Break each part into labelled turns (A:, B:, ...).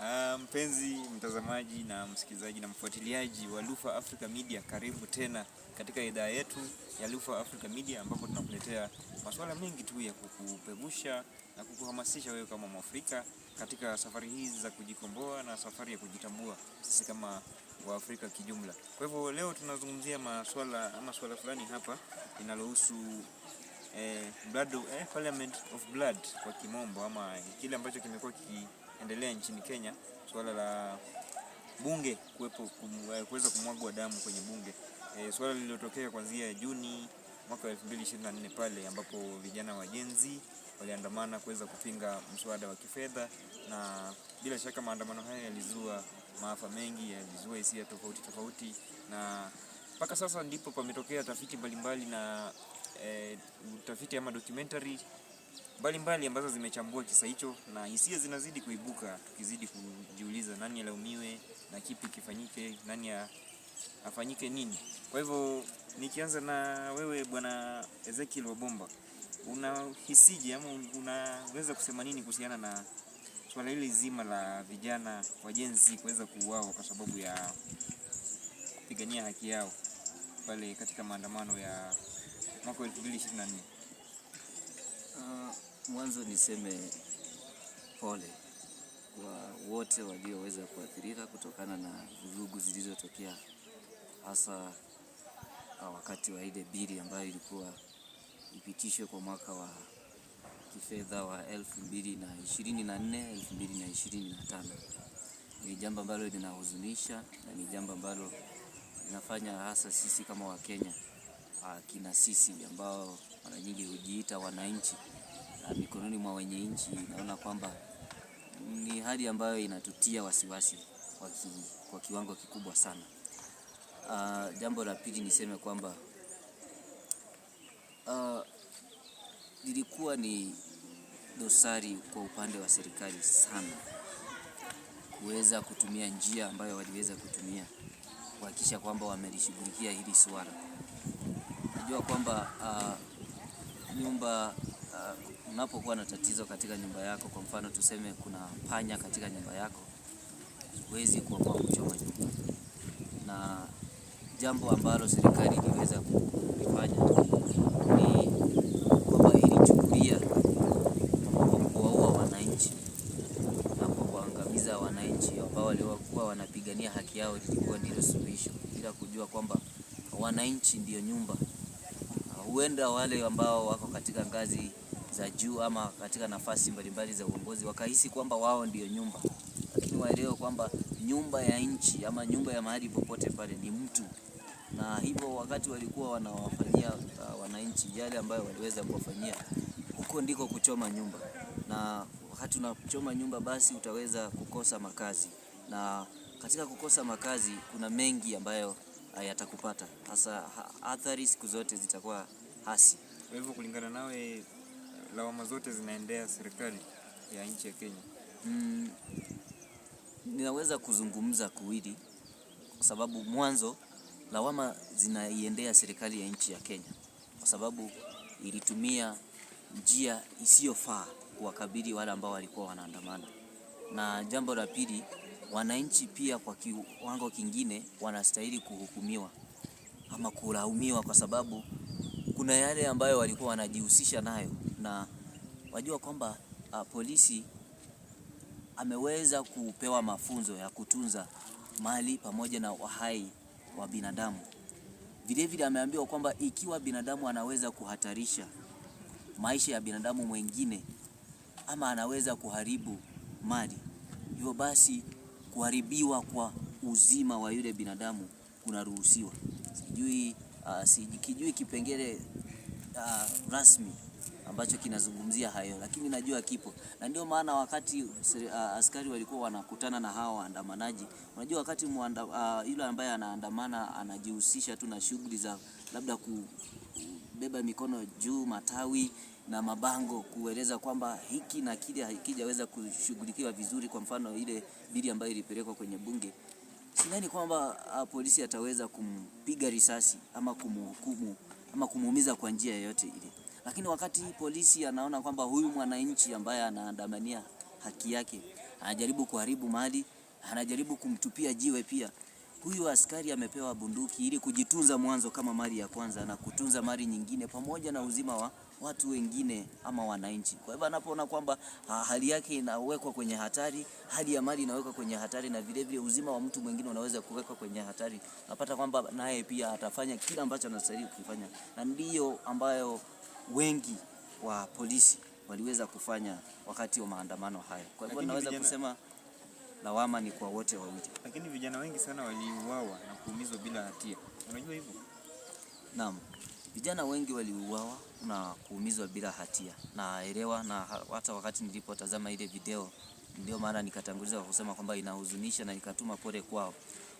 A: Uh, mpenzi mtazamaji na msikilizaji na mfuatiliaji wa Lufa Africa Media, karibu tena katika idhaa yetu ya Lufa Africa Media ambapo tunakuletea masuala mengi tu ya kukupegusha na kukuhamasisha wewe kama Mwafrika katika safari hizi za kujikomboa na safari ya kujitambua sisi kama Waafrika kijumla. Kwa hivyo leo tunazungumzia masuala ama swala fulani hapa linalohusu eh, blood, eh, parliament of blood kwa kimombo ama kile ambacho kimekuwa ki kinachoendelea nchini Kenya, suala la bunge kuwepo eh, kuweza kumwagwa damu kwenye bunge e, suala lililotokea kuanzia Juni mwaka 2024 pale ambapo vijana wajenzi waliandamana kuweza kupinga mswada wa kifedha, na bila shaka maandamano haya yalizua maafa mengi, yalizua hisia tofauti tofauti, na mpaka sasa ndipo pametokea tafiti mbalimbali na e, utafiti ama documentary mbalimbali ambazo zimechambua kisa hicho, na hisia zinazidi kuibuka, tukizidi kujiuliza nani alaumiwe na kipi kifanyike, nani afanyike nini. Kwa hivyo nikianza na wewe bwana Ezekiel Wabomba, unahisije ama unaweza kusema nini kuhusiana na swala hili zima la vijana wa kuweza kuuawa kwa sababu ya kupigania haki yao pale katika maandamano ya mwaka 2024?
B: mwanzo niseme pole kwa wote walioweza kuathirika kutokana na vurugu zilizotokea hasa ah, wakati wa ile bili ambayo ilikuwa ipitishwe kwa mwaka wa kifedha wa 2024 2025. Ni jambo ambalo linahuzunisha na ni jambo ambalo linafanya hasa sisi kama Wakenya, ah, kina sisi ambao mara nyingi hujiita wananchi mikononi mwa wenye nchi, naona kwamba ni hali ambayo inatutia wasiwasi ki, kwa kiwango kikubwa sana. Uh, jambo la pili niseme kwamba uh, lilikuwa ni dosari kwa upande wa serikali sana kuweza kutumia njia ambayo waliweza kutumia kuhakikisha kwamba wamelishughulikia hili swala. Najua kwamba uh, nyumba uh, unapokuwa na tatizo katika nyumba yako, kwa mfano tuseme kuna panya katika nyumba yako, huwezi kuokoa kuchoma nyumba. Na jambo ambalo serikali iliweza kufanya ni kwamba ilichukulia kwa kuwaua wananchi na kwa kuangamiza wananchi ambao waliokuwa wanapigania haki yao, lilikuwa ndilo suluhisho, bila kujua kwamba wananchi ndiyo nyumba. Huenda wale ambao wako katika ngazi za juu ama katika nafasi mbalimbali za uongozi wakahisi kwamba wao ndio nyumba, lakini waelewe kwamba nyumba ya nchi ama nyumba ya mahali popote pale ni mtu, na hivyo wakati walikuwa wanawafanyia uh, wananchi yale ambayo waliweza kuwafanyia, huko ndiko kuchoma nyumba, na wakati unachoma nyumba, basi utaweza kukosa makazi, na katika kukosa makazi kuna mengi ambayo uh, yatakupata, hasa athari siku zote zitakuwa hasi.
A: Kwa hivyo kulingana nawe lawama zote zinaendea serikali ya nchi ya Kenya.
B: Mm, ninaweza kuzungumza kuwili kwa sababu mwanzo lawama zinaiendea serikali ya nchi ya Kenya kwa sababu ilitumia njia isiyofaa kuwakabili wale ambao walikuwa wanaandamana, na jambo la pili, wananchi pia kwa kiwango kingine wanastahili kuhukumiwa ama kulaumiwa kwa sababu kuna yale ambayo walikuwa wanajihusisha nayo, na wajua kwamba uh, polisi ameweza kupewa mafunzo ya kutunza mali pamoja na uhai wa binadamu. Vilevile ameambiwa kwamba ikiwa binadamu anaweza kuhatarisha maisha ya binadamu mwengine ama anaweza kuharibu mali, hivyo basi kuharibiwa kwa uzima wa yule binadamu kunaruhusiwa. Sijui uh, ah, sikijui kipengele uh, rasmi ambacho kinazungumzia hayo, lakini najua kipo, na ndio maana wakati uh, askari walikuwa wanakutana na hawa waandamanaji, unajua wakati muanda, uh, yule ambaye anaandamana anajihusisha tu na shughuli za labda kubeba mikono juu, matawi na mabango kueleza kwamba hiki na kile hakijaweza kushughulikiwa vizuri. Kwa mfano ile bili ambayo ilipelekwa kwenye bunge sidhani kwamba uh, polisi ataweza kumpiga risasi ama kumhukumu ama kumuumiza kwa njia yoyote ile, lakini wakati polisi anaona kwamba huyu mwananchi ambaye anaandamania haki yake anajaribu kuharibu mali, anajaribu kumtupia jiwe pia huyu askari amepewa bunduki ili kujitunza mwanzo kama mali ya kwanza na kutunza mali nyingine pamoja na uzima wa watu wengine ama wananchi. Kwa hivyo anapoona kwamba ha, hali yake inawekwa kwenye hatari, hali ya mali inawekwa kwenye hatari, na vilevile uzima wa mtu mwingine unaweza kuwekwa kwenye hatari, napata kwamba naye pia atafanya kila ambacho anastahili kufanya, na ndiyo ambayo wengi wa polisi waliweza kufanya wakati wa maandamano haya. Kwa hivyo naweza vijana... kusema lawama ni kwa wote wawili,
A: lakini vijana wengi sana waliuawa na kuumizwa bila hatia. Unajua hivyo?
B: Naam, vijana wengi waliuawa na kuumizwa bila hatia. Naelewa, na hata wakati nilipotazama ile video ndio maana nikatanguliza kwa kusema kwamba inahuzunisha na nikatuma pole kwao.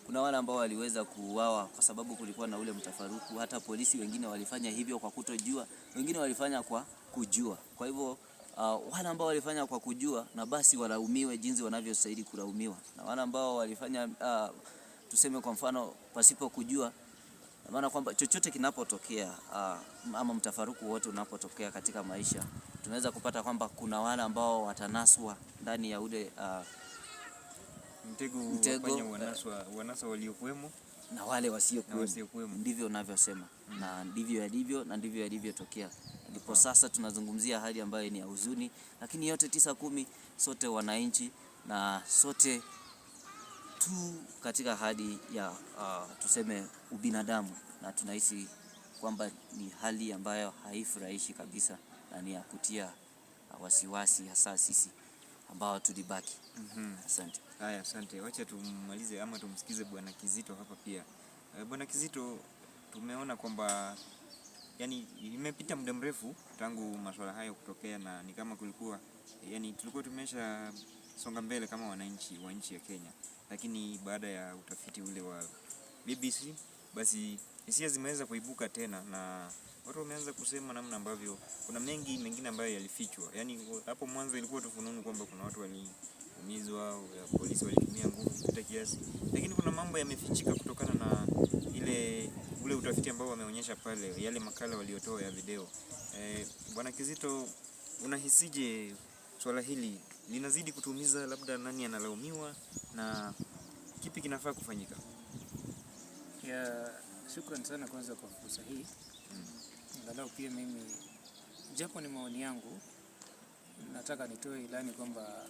B: Kuna wale ambao waliweza kuuawa kwa sababu kulikuwa na ule mtafaruku. Hata polisi wengine walifanya hivyo kwa kutojua, wengine walifanya kwa kujua. Kwa hivyo uh, wale ambao walifanya kwa kujua na basi walaumiwe jinsi wanavyostahili kulaumiwa, na wale ambao walifanya uh, tuseme kwa mfano pasipo kujua maana kwamba chochote kinapotokea ah, ama mtafaruku wote unapotokea katika maisha, tunaweza kupata kwamba kuna wale ambao watanaswa ndani ya ule uh,
A: mtego, mtego eh, wanaswa, wanaswa waliokuwemo
B: na wale wasiokuwemo, ndivyo unavyosema mm. Na ndivyo yalivyo na ndivyo yalivyotokea ndipo sasa tunazungumzia hali ambayo ni ya huzuni, lakini yote tisa kumi, sote wananchi na sote tu katika hali ya uh, tuseme ubinadamu, na tunahisi kwamba ni hali ambayo haifurahishi kabisa na ni ya kutia ah, wasiwasi, hasa sisi ambao tulibaki. mm -hmm. Asante.
A: Haya, asante. Wacha tumalize ama tumsikize Bwana Kizito hapa pia. Eh, Bwana Kizito, tumeona kwamba yani imepita muda mrefu tangu masuala hayo kutokea, na ni kama kulikuwa yani tulikuwa tumesha songa mbele kama wananchi wa nchi ya Kenya lakini baada ya utafiti ule wa BBC basi hisia zimeweza kuibuka tena na watu wameanza kusema namna ambavyo kuna mengi mengine ambayo yalifichwa. Yaani hapo mwanzo ilikuwa tufununu kwamba kuna watu waliumizwa, polisi walitumia nguvu kupita kiasi, lakini kuna mambo yamefichika kutokana na ile ule utafiti ambao wameonyesha pale, yale makala waliotoa ya video. Eh, Bwana Kizito, unahisije swala hili linazidi kutuumiza, labda nani analaumiwa na kipi kinafaa kufanyika?
C: Ya, shukrani sana kwanza kwa fursa hii mm. pia mimi japo ni maoni yangu, nataka nitoe ilani kwamba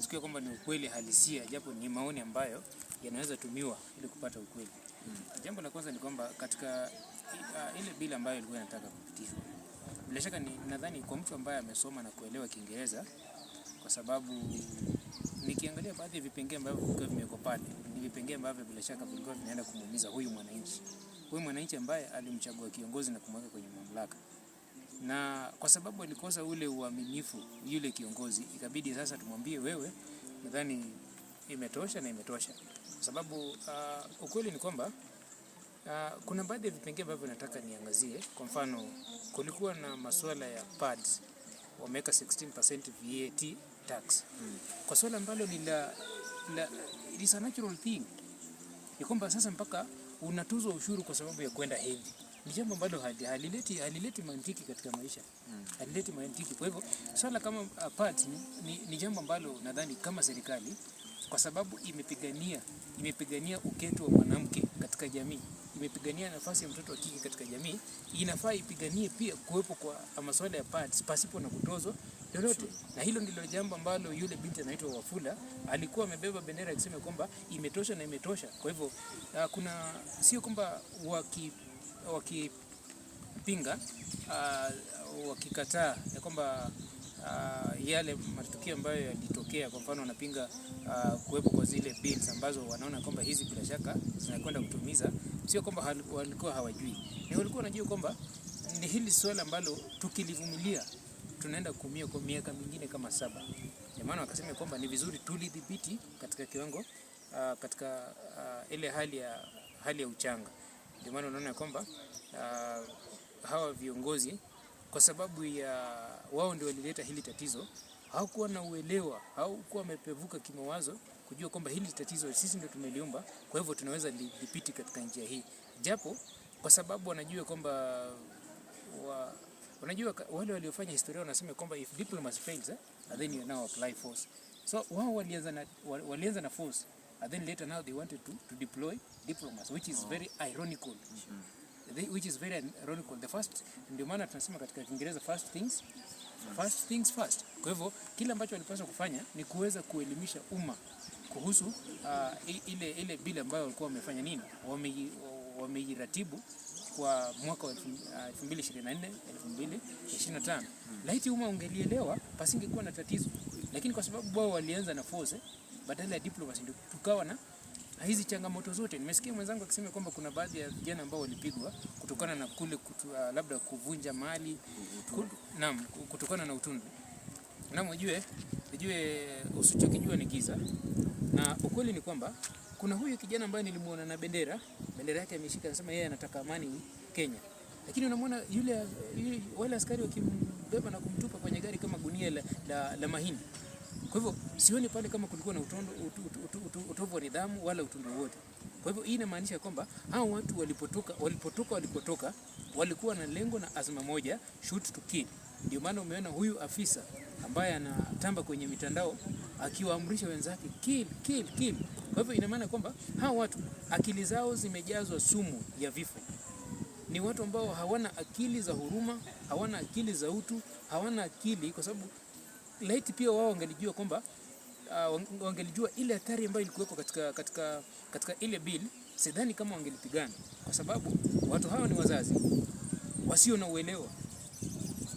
C: sikia kwamba ni ukweli halisia, japo ni maoni ambayo yanaweza tumiwa ili kupata ukweli mm. Jambo la kwanza ni kwamba katika uh, ile bila ambayo ilikuwa inataka kupitishwa, bila shaka nadhani kwa mtu ambaye amesoma na kuelewa Kiingereza sababu nikiangalia baadhi ya vipengee ambavyo vilikuwa vimewekwa pale ni vipengee ambavyo bila shaka vilikuwa vinaenda kumuumiza huyu mwananchi, huyu mwananchi ambaye alimchagua kiongozi na kumweka kwenye mamlaka, na kwa sababu alikosa ule uaminifu yule kiongozi, ikabidi sasa tumwambie wewe, nadhani imetosha na imetosha, kwa sababu uh, ukweli ni kwamba uh, kuna baadhi ya vipengee ambavyo nataka niangazie. Kwa mfano, kulikuwa na masuala ya pads, wameweka 16% VAT tax mm. kwa swala ambalo ni la, la, it is a natural thing ya kwamba sasa mpaka unatuzwa ushuru kwa sababu ya kwenda hedhi ni jambo ambalo halileti halileti mantiki katika maisha mm. halileti mantiki. Kwa hivyo swala kama apart uh, ni, ni, ni jambo ambalo nadhani kama serikali kwa sababu imepigania imepigania uketu wa mwanamke katika jamii, imepigania nafasi ya mtoto wa kike katika jamii, inafaa ipiganie pia kuwepo kwa uh, masuala ya pads pasipo na kutozwa lolote, na hilo ndilo jambo ambalo yule binti anaitwa Wafula alikuwa amebeba bendera akisema kwamba imetosha na imetosha. Kwa hivyo uh, kuna sio kwamba waki wakipinga uh, wakikataa ya kwamba Uh, yale matukio ambayo yalitokea, kwa mfano wanapinga uh, kuwepo kwa zile bills ambazo wanaona kwamba hizi bila shaka zinakwenda kutumiza. Sio kwamba walikuwa hawajui, ni walikuwa wanajua kwamba ni hili swala ambalo tukilivumilia tunaenda kuumia kwa miaka mingine kama saba. Ndio maana wakasema kwamba ni vizuri tulidhibiti katika kiwango uh, katika uh, ile hali ya, hali ya uchanga. Ndio maana unaona kwamba uh, hawa viongozi kwa sababu ya wao ndio walileta hili tatizo, hawakuwa na uelewa, hawakuwa wamepevuka kimawazo kujua kwamba hili tatizo sisi ndio tumeliumba, kwa hivyo tunaweza lidhibiti katika njia hii, japo kwa sababu wanajua kwamba wa, Unajua wale waliofanya historia wanasema kwamba if diplomacy fails eh, then you now apply force. So wao walianza na walianza na force and then later now they wanted to to deploy diplomacy which is oh. very ironical. Mm -hmm. They, which is very ironical. The first, ndio maana tunasema katika Kiingereza first things first things first. Kwa hivyo kile ambacho walipaswa kufanya ni kuweza kuelimisha umma kuhusu uh, ile, ile bila ambayo walikuwa wamefanya nini, wameiratibu kwa mwaka wa 2024 2025, ah, laiti umma ungelielewa pasingekuwa na tatizo, lakini kwa sababu wao walianza na force badala ya diplomacy, ndio tukawa na hizi changamoto zote. Nimesikia mwenzangu akisema kwamba kuna baadhi ya vijana ambao walipigwa kutokana na kule kutu, uh, labda kuvunja mali naam, kutokana na utundu. Naam, ujue ujue usichokijua ni giza, na ukweli ni kwamba kuna huyu kijana ambaye nilimuona na bendera, bendera yake ameshika, anasema yeye anataka amani Kenya, lakini unamwona yule wale askari wakimbeba na kumtupa kwenye gari kama gunia la, la, la mahindi. Kwa hivyo sioni pale kama kulikuwa na utovu utu, utu, utu, utu, wa nidhamu wala utundu wote. Kwa hivyo hii inamaanisha kwamba hao watu walipotoka walipotoka walipotoka walikuwa na lengo na azma moja, shoot to kill. Ndio maana umeona huyu afisa ambaye anatamba kwenye mitandao akiwaamrisha wenzake kill, kill, kill. Kwa hivyo ina maana kwamba hawa watu akili zao zimejazwa sumu ya vifo. Ni watu ambao hawana akili za huruma, hawana akili za utu, hawana akili, kwa sababu laiti pia wao wangelijua kwamba uh, wangelijua ile hatari ambayo ilikuweko katika, katika, katika ile bill, sidhani kama wangelipigana, kwa sababu watu hawa ni wazazi wasio na uelewa.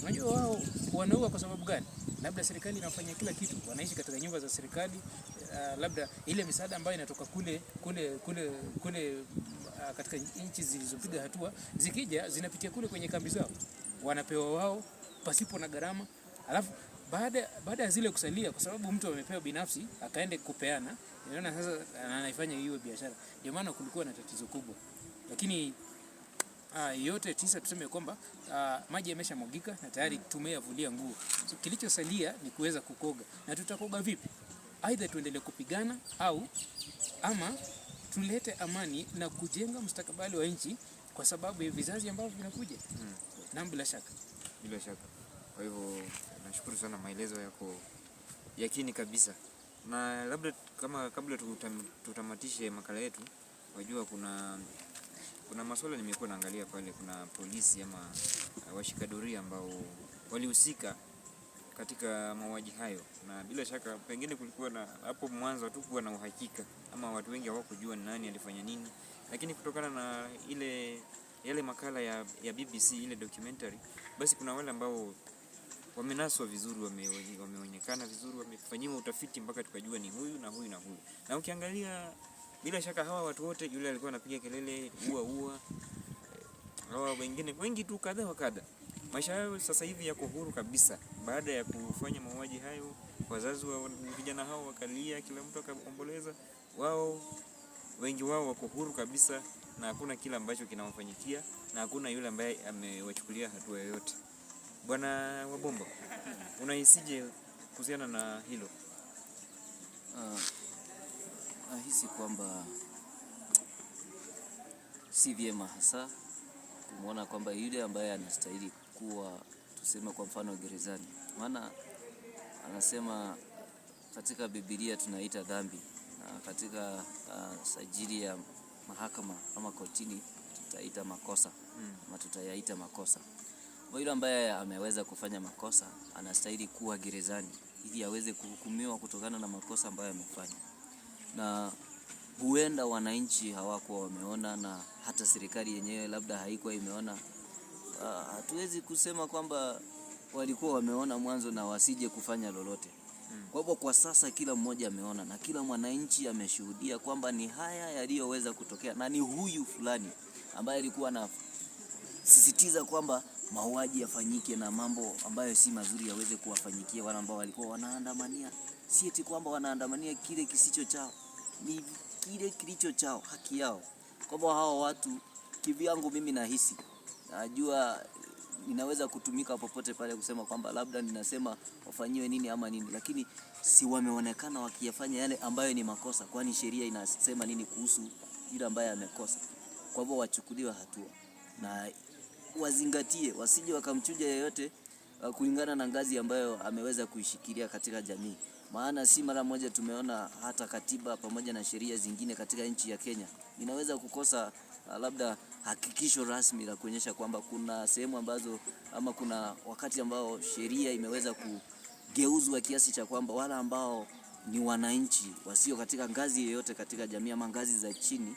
C: Unajua wao wanaua kwa sababu gani? Labda serikali inafanya kila kitu, wanaishi katika nyumba za serikali, uh, labda ile misaada ambayo inatoka kule kule kule kule uh, katika nchi zilizopiga hatua zikija zinapitia kule kwenye kambi zao, wanapewa wao pasipo na gharama, alafu baada baada ya zile kusalia, kwa sababu mtu amepewa binafsi akaende kupeana, unaona sasa anaifanya hiyo biashara. Ndio maana kulikuwa na tatizo kubwa, lakini Uh, yote tisa tuseme kwamba uh, maji yameshamwagika na tayari tumeyavulia nguo. So, kilichosalia ni kuweza kukoga na tutakoga vipi? aidha tuendelee kupigana au ama tulete amani na kujenga mustakabali wa nchi kwa sababu ya vizazi ambavyo vinakuja. Hmm. Na bila shaka,
A: bila shaka. Kwa hivyo nashukuru sana, maelezo yako yakini kabisa, na labda kama kabla tutam, tutamatishe makala yetu, wajua kuna kuna masuala nimekuwa naangalia pale, kuna polisi ama washikadoria ambao walihusika katika mauaji hayo, na bila shaka pengine kulikuwa na hapo mwanzo tu kuwa na uhakika ama watu wengi hawakujua ni nani alifanya nini, lakini kutokana na ile yale makala ya, ya BBC ile documentary, basi kuna wale ambao wamenaswa vizuri, wameonekana vizuri, wamefanyiwa utafiti mpaka tukajua ni huyu na huyu na huyu. Na ukiangalia bila shaka hawa watu wote, yule alikuwa anapiga kelele ua ua, hawa wengine wengi tu kadha wa kadha Maisha yao sasa hivi yako huru kabisa baada ya kufanya mauaji hayo. Wazazi wa vijana hao wakalia, kila mtu akaomboleza. Wao wengi wao wako huru kabisa, na hakuna kile ambacho kinawafanyikia, na hakuna yule ambaye amewachukulia hatua yoyote. Bwana Wabombo, unahisije kuhusiana na hilo?
B: Uh, nahisi kwamba si vyema hasa kumwona kwamba yule ambaye anastahili kuwa tuseme kwa mfano gerezani, maana anasema katika Biblia tunaita dhambi na katika uh, sajili ya mahakama ama kotini tutaita makosa mm. ama tutayaita makosa. Kwa yule ambaye ameweza kufanya makosa anastahili kuwa gerezani ili aweze kuhukumiwa kutokana na makosa ambayo amefanya, na huenda wananchi hawakuwa wameona na hata serikali yenyewe labda haikuwa imeona Ah, hatuwezi kusema kwamba walikuwa wameona mwanzo na wasije kufanya lolote. Hmm. Kwa hivyo kwa sasa kila mmoja ameona na kila mwananchi ameshuhudia kwamba ni haya yaliyoweza kutokea, na ni huyu fulani ambaye alikuwa anasisitiza kwamba mauaji yafanyike na mambo ambayo si mazuri yaweze kuwafanyikia wale ambao walikuwa wanaandamania. Si eti kwamba wanaandamania kile kisicho chao, ni kile kilicho chao, haki yao. Kwa hivyo hawa watu kivyangu, mimi nahisi najua inaweza kutumika popote pale kusema kwamba labda ninasema wafanyiwe nini ama nini, lakini si wameonekana wakiyafanya yale ambayo ni makosa? Kwani sheria inasema nini kuhusu yule ambaye amekosa? Kwa hivyo wachukuliwe hatua na wazingatie, wasije wakamchuja yeyote uh, kulingana na ngazi ambayo ameweza kuishikilia katika jamii. Maana si mara moja tumeona hata katiba pamoja na sheria zingine katika nchi ya Kenya inaweza kukosa uh, labda hakikisho rasmi la kuonyesha kwamba kuna sehemu ambazo ama kuna wakati ambao sheria imeweza kugeuzwa kiasi cha kwamba wale ambao ni wananchi wasio katika ngazi yoyote katika jamii ama ngazi za chini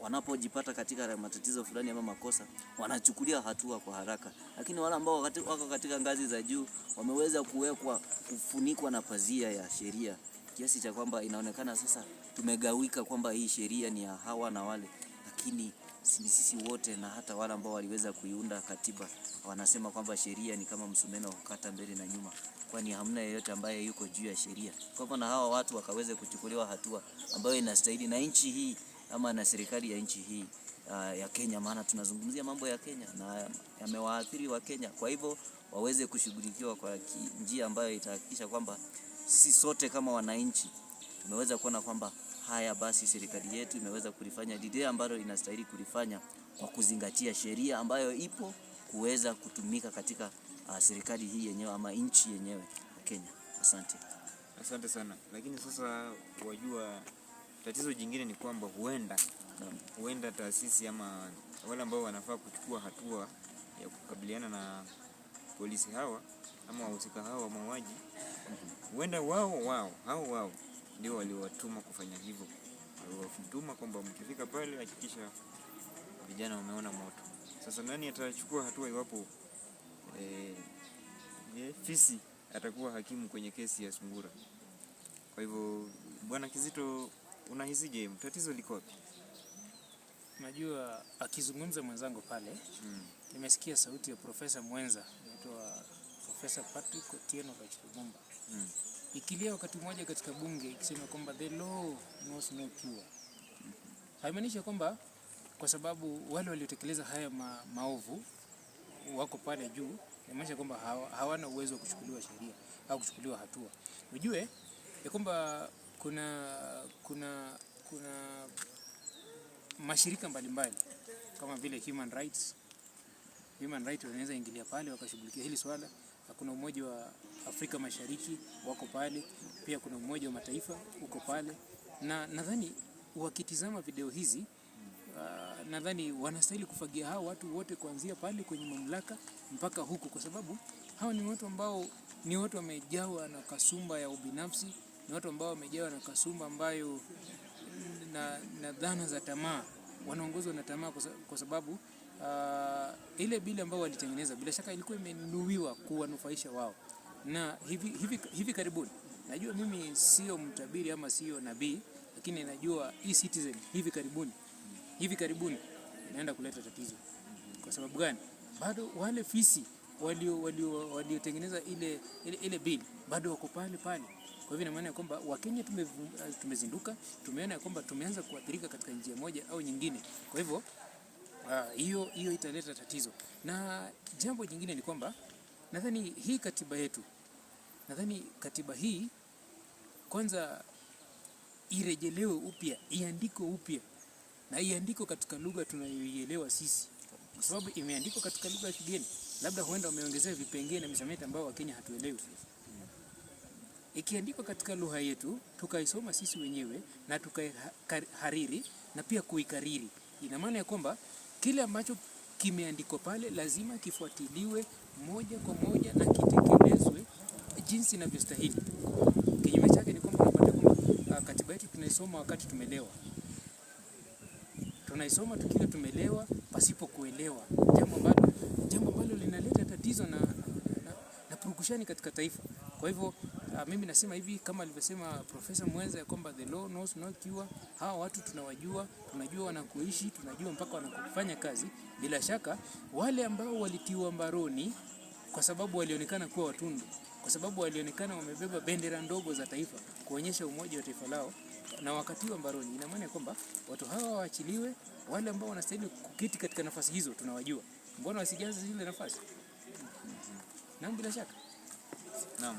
B: wanapojipata katika matatizo fulani ama makosa wanachukulia hatua kwa haraka, lakini wale ambao wako katika ngazi za juu wameweza kuwekwa kufunikwa na pazia ya sheria kiasi cha kwamba inaonekana sasa tumegawika, kwamba hii sheria ni ya hawa na wale, lakini sisi wote na hata wale ambao waliweza kuiunda katiba wanasema kwamba sheria ni kama msumeno ukata mbele na nyuma, kwani hamna yeyote ambaye yuko juu ya sheria. hivyo na hawa watu wakaweze kuchukuliwa hatua ambayo inastahili na nchi hii ama na serikali ya nchi hii uh, ya Kenya, maana tunazungumzia mambo ya Kenya na yamewaathiri wa Kenya. Kwa hivyo waweze kushughulikiwa kwa njia ambayo itahakikisha kwamba sisi sote kama wananchi tumeweza kuona kwamba Haya basi, serikali yetu imeweza kulifanya lile ambalo inastahili kulifanya kwa kuzingatia sheria ambayo ipo kuweza kutumika katika uh, serikali hii yenyewe ama nchi yenyewe ya Kenya. Asante,
A: asante sana. Lakini sasa, wajua, tatizo jingine ni kwamba huenda huenda taasisi ama wale ambao wanafaa kuchukua hatua ya kukabiliana na polisi hawa ama wahusika hawa wa mauaji, mhm. huenda wao wao hao wao ndio waliwatuma kufanya hivyo. Waliwatuma kwamba mkifika pale hakikisha
B: vijana wameona moto.
A: Sasa nani atachukua hatua iwapo eh, eh, fisi atakuwa hakimu kwenye kesi ya sungura? Kwa hivyo bwana Kizito, unahisije? Tatizo liko wapi?
C: Najua akizungumza mwenzangu pale, hmm. nimesikia hmm, sauti ya profesa mwenza anaitwa Professor Patrick Otieno Lwakibumba mm. ikilia wakati mmoja katika bunge ikisema kwamba the law knows no cure mm. haimaanishi kwamba kwa sababu wale waliotekeleza haya ma, maovu wako pale juu, inamaanisha kwamba hawana uwezo wa kuchukuliwa sheria au kuchukuliwa hatua. Ujue ya kwamba kuna kuna kuna mashirika mbalimbali mbali, kama vile human rights, human rights wanaweza ingilia pale wakashughulikia hili swala kuna Umoja wa Afrika Mashariki wako pale, pia kuna Umoja wa Mataifa uko pale, na nadhani wakitizama video hizi uh, nadhani wanastahili kufagia hao watu wote kuanzia pale kwenye mamlaka mpaka huku, kwa sababu hawa ni watu ambao ni watu wamejawa na kasumba ya ubinafsi, ni watu ambao wamejawa na kasumba ambayo na, na dhana za tamaa, wanaongozwa na tamaa kwa sababu uh, ile bili ambayo walitengeneza bila shaka ilikuwa imenuiwa kuwanufaisha wao, na hivi, hivi, hivi karibuni, najua mimi sio mtabiri ama sio nabii, lakini najua e-citizen hivi karibuni hivi karibuni inaenda kuleta tatizo. Kwa sababu gani? Bado wale fisi waliotengeneza walio, walio ile, ile, ile bili bado wako pale pale. Kwa hivyo ina maana ya kwamba Wakenya tumezinduka, tumeona ya kwamba tumeanza kuathirika katika njia moja au nyingine. Kwa hivyo Ah, hiyo uh, hiyo italeta tatizo. Na jambo jingine ni kwamba nadhani hii katiba yetu, nadhani katiba hii kwanza irejelewe upya, iandikwe upya na iandikwe katika lugha tunayoielewa sisi, kwa sababu imeandikwa katika lugha ya kigeni, labda huenda wameongezea vipengee na misamiati ambayo Wakenya hatuelewi. Ikiandikwa katika lugha yetu tukaisoma sisi wenyewe na tukaihariri na pia kuikariri, ina maana ya kwamba kile ambacho kimeandikwa pale lazima kifuatiliwe moja kwa moja na kitekelezwe jinsi inavyostahili. Kinyume chake ni kwamba unapata kwamba uh, katiba yetu tunaisoma wakati tumelewa, tunaisoma tukiwa tumelewa pasipo kuelewa, jambo ambalo jambo ambalo linaleta tatizo na, na, na purukushani katika taifa. Kwa hivyo Uh, mimi nasema hivi kama alivyosema profesa mwenza ya kwamba the law knows no cure. Hawa watu tunawajua, tunajua wanakuishi, tunajua mpaka wanakufanya kazi. Bila shaka wale ambao walitiwa mbaroni kwa sababu walionekana kuwa watundu, kwa sababu walionekana wamebeba bendera ndogo za taifa kuonyesha umoja wa taifa lao na wakatiwa mbaroni, ina maana kwamba watu hawa waachiliwe. Wale ambao wanastahili kuketi katika nafasi hizo tunawajua, mbona wasijaze zile nafasi? Naam, bila shaka
A: naam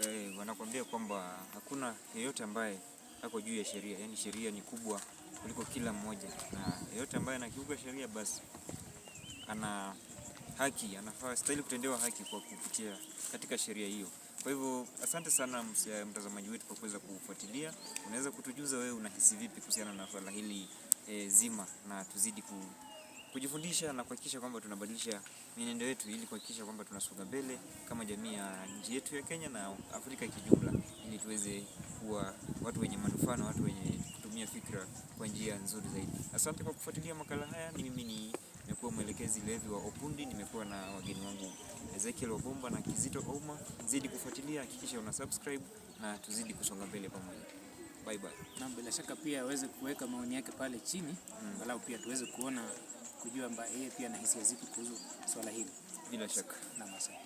A: eh, wanakuambia kwamba hakuna yeyote ambaye ako juu ya sheria, yaani sheria ni kubwa kuliko kila mmoja, na yeyote ambaye anakiuka sheria basi ana haki, anafaa stahili kutendewa haki kwa kupitia katika sheria hiyo. Kwa hivyo asante sana eh, mtazamaji wetu kwa kuweza kufuatilia. Unaweza kutujuza wewe unahisi vipi kuhusiana na swala hili eh, zima, na tuzidi ku kujifundisha na kuhakikisha kwamba tunabadilisha mienendo yetu ili kuhakikisha kwamba tunasonga mbele kama jamii ya nchi yetu ya Kenya na Afrika kijumla, ili tuweze kuwa watu wenye manufaa na watu wenye kutumia fikra kwa njia nzuri zaidi. Asante kwa kufuatilia makala haya. Mimi ni nimekuwa mwelekezi Levi wa Opundi, nimekuwa na wageni wangu Ezekiel Wabomba na Kizito Ouma. Zidi kufuatilia, hakikisha una subscribe na tuzidi kusonga mbele pamoja. Bye bye.
C: Na bila shaka pia aweze kuweka maoni yake pale chini, mm, alafu pia tuweze kuona kujua mba yeye pia anahisia zipi kuhusu swala hili. Bila shaka. Na